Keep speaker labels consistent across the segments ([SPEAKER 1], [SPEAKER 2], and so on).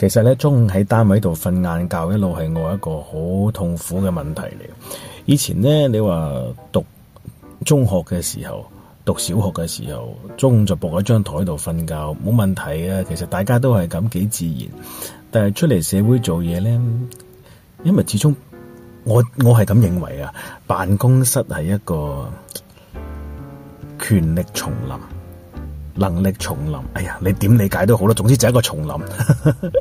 [SPEAKER 1] 其實咧，中午喺單位度瞓晏覺一路係我一個好痛苦嘅問題嚟。以前咧，你話讀中學嘅時候，讀小學嘅時候，中午就伏喺張台度瞓覺冇問題啊。其實大家都係咁幾自然，但係出嚟社會做嘢咧，因為始終我我係咁認為啊，辦公室係一個權力叢林。能力叢林，哎呀，你點理解都好啦，總之就係一個叢林。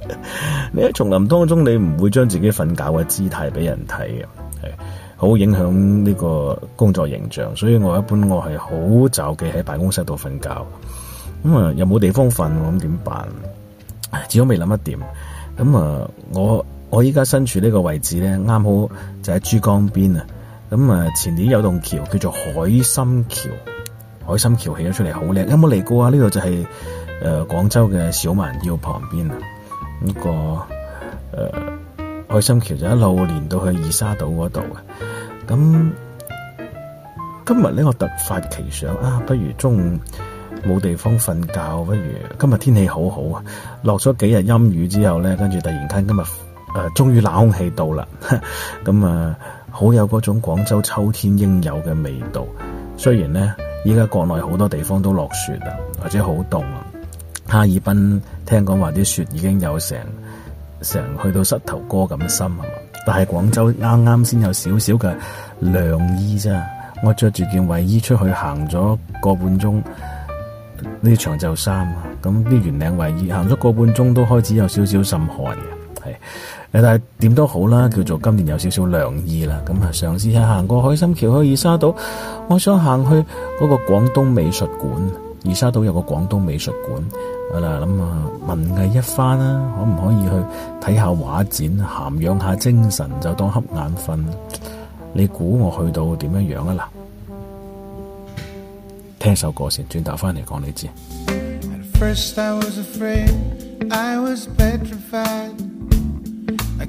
[SPEAKER 1] 你喺叢林當中，你唔會將自己瞓覺嘅姿態俾人睇嘅，係好影響呢個工作形象。所以我一般我係好就忌喺辦公室度瞓覺。咁、嗯、啊，又冇地方瞓，咁點辦？只好未諗一掂。咁、嗯、啊，我我依家身處呢個位置咧，啱好就喺珠江邊啊。咁、嗯、啊，前年有棟橋叫做海心橋。海心橋起咗出嚟，好靚。有冇嚟過啊？呢度就係誒廣州嘅小蠻腰旁邊啊。呢、這個誒、呃、海心橋就一路連到去二沙島嗰度嘅。咁今日呢，我突發奇想啊，不如中午冇地方瞓覺，不如今日天氣好好啊，落咗幾日陰雨之後咧，跟住突然間今日誒，終、呃、於冷空氣到啦。咁啊、呃，好有嗰種廣州秋天應有嘅味道。雖然咧。依家國內好多地方都落雪啦，或者好凍啦。哈爾濱聽講話啲雪已經有成成去到膝頭哥咁深啊！但係廣州啱啱先有少少嘅涼意啫。我着住件衞衣出去行咗個半鐘，呢長袖衫啊，咁啲圓領衞衣行咗個半鐘都開始有少少滲汗嘅，係。你但係點都好啦，叫做今年有少少涼意啦。咁啊，嘗試下行過海心橋去二沙島，我想行去嗰個廣東美術館。二沙島有個廣東美術館，好啦，諗下文藝一番啦，可唔可以去睇下畫展，涵養下精神，就當瞌眼瞓。你估我去到點樣樣啊？嗱，聽首歌先，轉頭翻嚟講你知。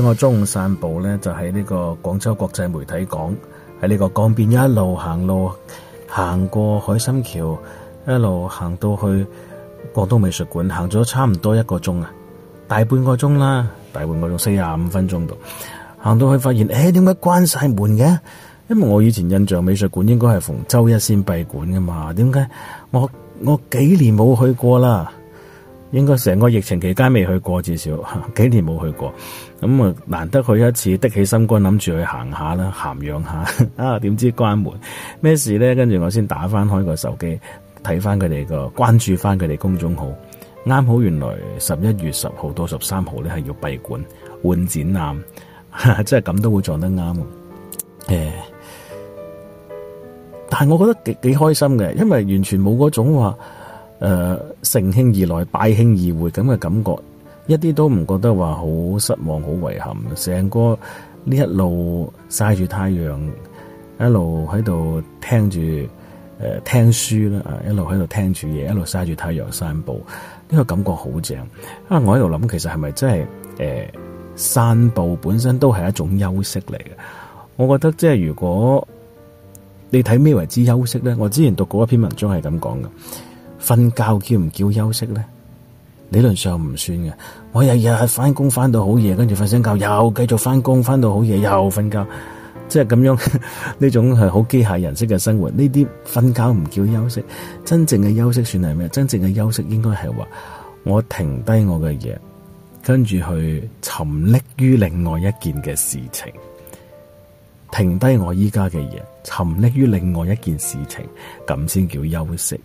[SPEAKER 1] 我中午散步咧，就喺呢個廣州國際媒體港，喺呢個江邊一路行路，行過海心橋，一路行到去廣東美術館，行咗差唔多一個鐘啊，大半個鐘啦，大半個鐘四十五分鐘度，行到去發現，誒，點解關晒門嘅？因為我以前印象美術館應該係逢周一先閉館噶嘛，點解我我幾年冇去過啦？應該成個疫情期間未去過，至少幾年冇去過。咁啊難得去一次，的起心肝諗住去行下啦，涵養下啊，點 知關門咩事呢？跟住我先打翻開個手機睇翻佢哋個關注翻佢哋公眾號，啱好原來十一月十號到十三號呢係要閉館換展覽，即係咁都會撞得啱誒、欸！但係我覺得幾幾開心嘅，因為完全冇嗰種話。誒、呃，乘興而來，敗興而回咁嘅感覺，一啲都唔覺得話好失望，好遺憾。成個呢一路曬住太陽，一路喺度聽住誒、呃、聽書啦，啊一路喺度聽住嘢，一路曬住太陽散步，呢、這個感覺好正。啊，我喺度諗，其實係咪真係誒、呃，散步本身都係一種休息嚟嘅？我覺得即係如果你睇咩為之休息咧，我之前讀過一篇文章係咁講嘅。瞓覺叫唔叫休息咧？理論上唔算嘅。我日日係翻工翻到好夜，跟住瞓醒覺又繼續翻工翻到好夜，又瞓覺，即係咁樣呢種係好機械人式嘅生活。呢啲瞓覺唔叫休息，真正嘅休息算係咩？真正嘅休息應該係話我停低我嘅嘢，跟住去沉溺於另外一件嘅事情。停低我依家嘅嘢，沉溺於另外一件事情，咁先叫休息。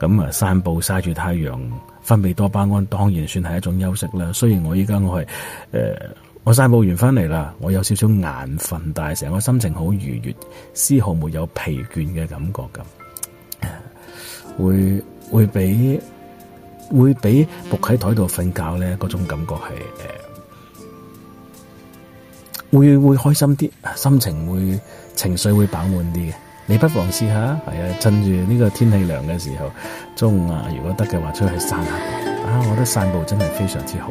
[SPEAKER 1] 咁啊，散步曬住太陽，分泌多巴胺，當然算係一種休息啦。雖然我依家我係誒、呃，我散步完翻嚟啦，我有少少眼瞓，但係成個心情好愉悦，絲毫沒有疲倦嘅感覺咁、呃。
[SPEAKER 2] 會
[SPEAKER 1] 會畀會畀伏喺台度瞓覺咧，嗰種感覺係誒。呃會會開心啲，心情會，情緒會飽滿啲嘅。你不妨試下，係啊，趁住呢個天氣涼嘅時候，中午啊，如果得嘅話，出去散下。啊，我覺得散步真係非常之好。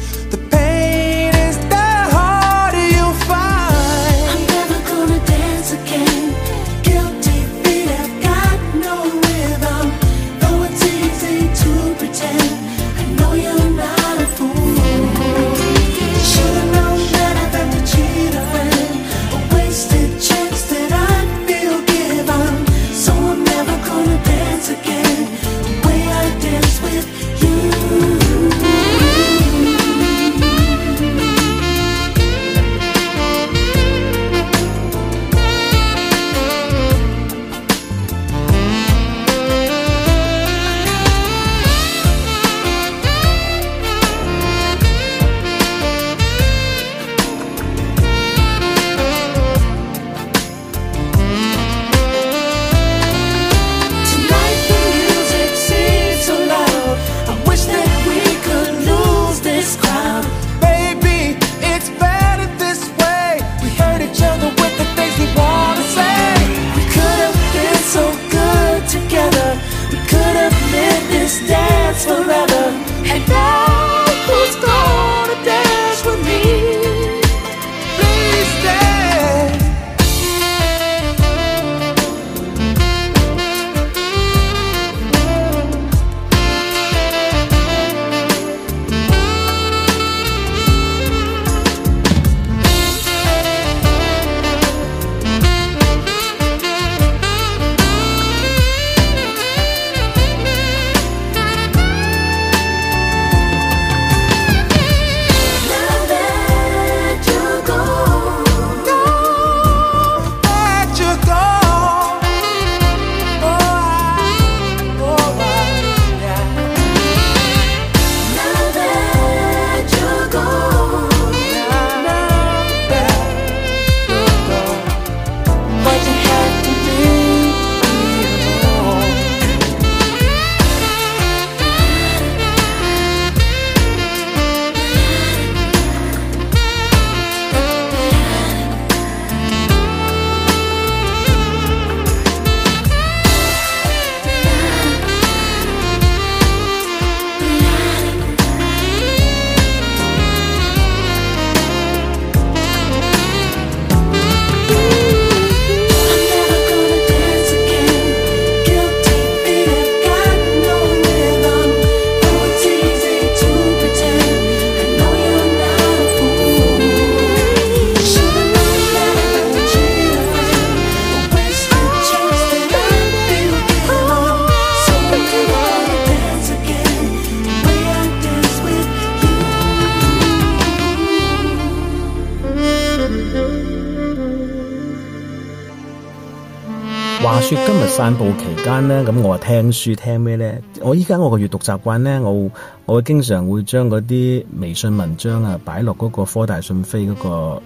[SPEAKER 1] 散步期間咧，咁我啊聽書聽咩咧？我依家我嘅閲讀習慣咧，我我經常會將嗰啲微信文章啊擺落嗰個科大訊飛嗰個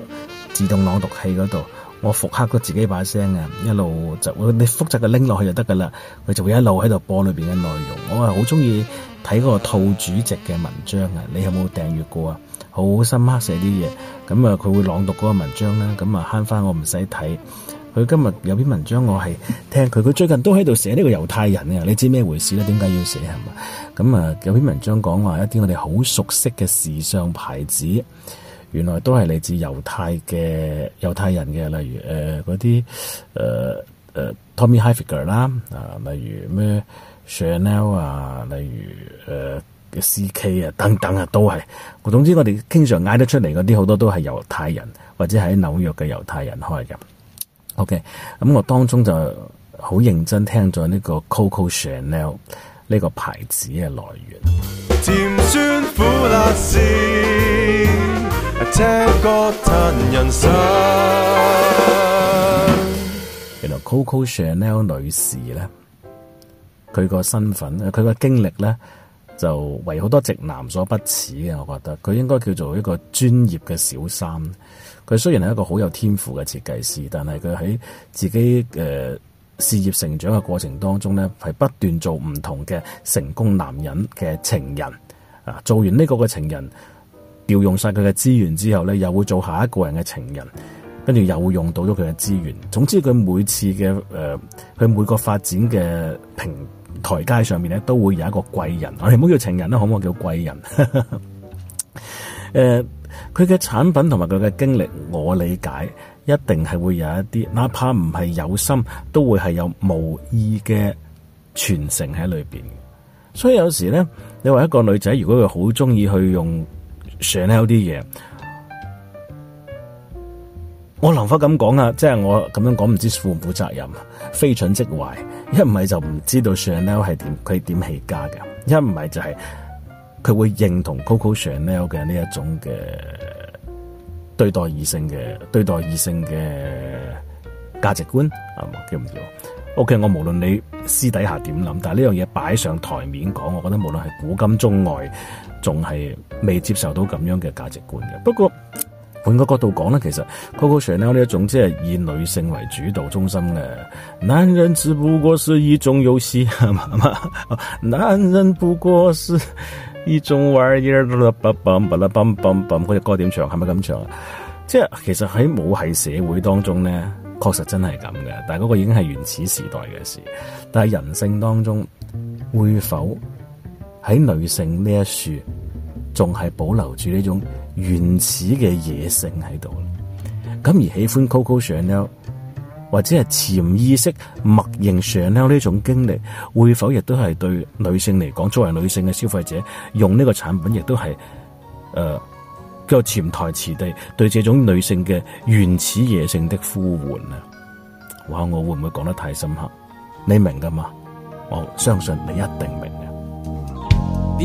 [SPEAKER 1] 自動朗讀器嗰度，我複刻咗自己把聲啊，一路就你複雜嘅拎落去就得噶啦，佢就會一路喺度播裏邊嘅內容。我係好中意睇嗰個兔主席嘅文章啊！你有冇訂閲過啊？好深刻寫啲嘢，咁啊佢會朗讀嗰個文章啦，咁啊慳翻我唔使睇。佢今日有篇文章我，我係聽佢。佢最近都喺度寫呢個猶太人啊。你知咩回事咧？點解要寫係嘛咁啊？有篇文章講話一啲我哋好熟悉嘅時尚牌子，原來都係嚟自猶太嘅猶太人嘅，例如誒嗰啲誒誒 Tommy Hilfiger 啦啊，例如咩 Chanel 啊，例如誒、呃、C K 啊，等等啊，都係。我總之我哋經常嗌得出嚟嗰啲好多都係猶太人，或者喺紐約嘅猶太人開嘅。OK，咁我當中就好認真聽咗呢個 Coco Chanel 呢個牌子嘅來源。
[SPEAKER 3] 甜酸苦辣事，聽歌嘆人
[SPEAKER 1] 生。原來 Coco Chanel 女士咧，佢個身份、佢個經歷咧，就為好多直男所不齒嘅。我覺得佢應該叫做一個專業嘅小三。佢雖然係一個好有天賦嘅設計師，但係佢喺自己誒、呃、事業成長嘅過程當中咧，係不斷做唔同嘅成功男人嘅情人啊！做完呢個嘅情人，調用晒佢嘅資源之後咧，又會做下一個人嘅情人，跟住又會用到咗佢嘅資源。總之，佢每次嘅誒，佢、呃、每個發展嘅平台階上面咧，都會有一個貴人。我哋唔好叫情人啦，可唔可以叫貴人？ 誒佢嘅產品同埋佢嘅經歷，我理解一定係會有一啲，哪怕唔係有心，都會係有無意嘅傳承喺裏邊。所以有時咧，你話一個女仔如果佢好中意去用 Chanel 啲嘢，我能否咁講啊？即係我咁樣講，唔知負唔負責任？非蠢即壞，一唔係就唔知道 Chanel 係點佢點起家嘅，一唔係就係、係。佢會認同 Coco Chanel 嘅呢一種嘅對待異性嘅對待異性嘅價值觀，係叫唔叫？OK，我無論你私底下點諗，但係呢樣嘢擺上台面講，我覺得無論係古今中外，仲係未接受到咁樣嘅價值觀嘅。不過，換個角度講咧，其實 Coco Chanel 呢一種即係以女性為主導中心嘅，男人只不過是一種遊戲，係咪啊？男人不過是一種玩意兒，啦啦叭叭啦叭叭叭，嗰隻歌點唱？係咪咁唱啊？即係其實喺母系社會當中咧，確實真係咁嘅，但係嗰個已經係原始時代嘅事。但係人性當中會否喺女性呢一樹？仲係保留住呢種原始嘅野性喺度，咁而喜歡 Coco Chanel 或者係潛意識默認 Chanel 呢種經歷，會否亦都係對女性嚟講，作為女性嘅消費者，用呢個產品亦都係誒個潛台詞地對這種女性嘅原始野性的呼喚啊！哇，我會唔會講得太深刻？你明㗎嘛？我相信你一定明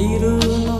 [SPEAKER 1] 嘅。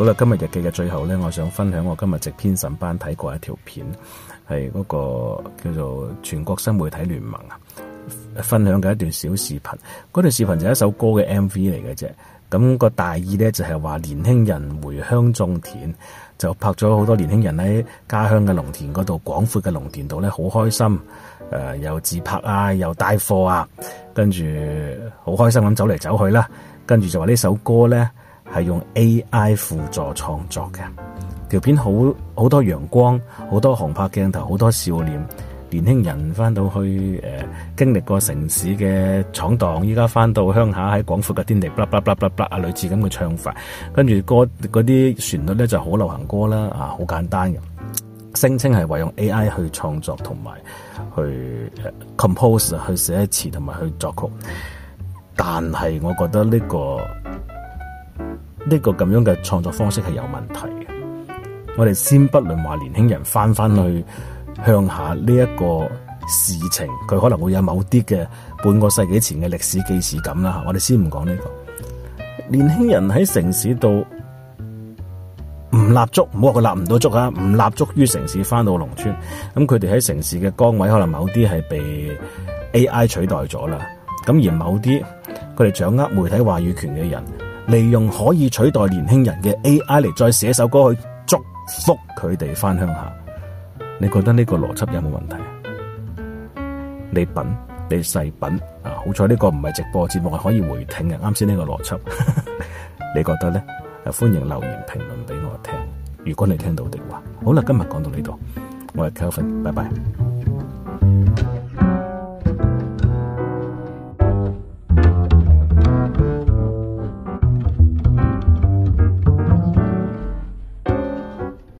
[SPEAKER 1] 好啦，今日日記嘅最後呢，我想分享我今日值編審班睇過一條片，係嗰個叫做全國新媒體聯盟啊，分享嘅一段小視頻。嗰段視頻就係一首歌嘅 M V 嚟嘅啫。咁個大意呢，就係話年輕人回鄉種田，就拍咗好多年輕人喺家鄉嘅農田嗰度，廣闊嘅農田度呢，好開心，誒又自拍啊，又帶貨啊，跟住好開心咁走嚟走去啦。跟住就話呢首歌呢。係用 A.I. 輔助創作嘅條片好，好好多陽光，好多航拍鏡頭，好多笑臉，年輕人翻到去誒、呃、經歷過城市嘅闖蕩，依家翻到鄉下喺廣闊嘅天地，卜卜卜卜卜啊類似咁嘅唱法，跟住嗰啲旋律咧就係好流行歌啦啊，好簡單嘅聲稱係話用 A.I. 去創作同埋去、呃、compose 去寫詞同埋去作曲，但係我覺得呢、呢個。呢個咁樣嘅創作方式係有問題嘅。我哋先不論話年輕人翻翻去鄉下呢一個事情，佢可能會有某啲嘅半個世紀前嘅歷史記事感啦。我哋先唔講呢、這個。年輕人喺城市度唔立足，唔好話佢立唔到足啊！唔立足於城市，翻到農村，咁佢哋喺城市嘅崗位，可能某啲係被 AI 取代咗啦。咁而某啲佢哋掌握媒體話語權嘅人。利用可以取代年輕人嘅 AI 嚟再寫首歌去祝福佢哋翻鄉下，你覺得呢個邏輯有冇問題啊？你品，你細品啊！好彩呢個唔係直播節目，係可以回聽嘅。啱先呢個邏輯， 你覺得咧、啊？歡迎留言評論俾我聽。如果你聽到的話，好啦，今日講到呢度，我係 Kevin，拜拜。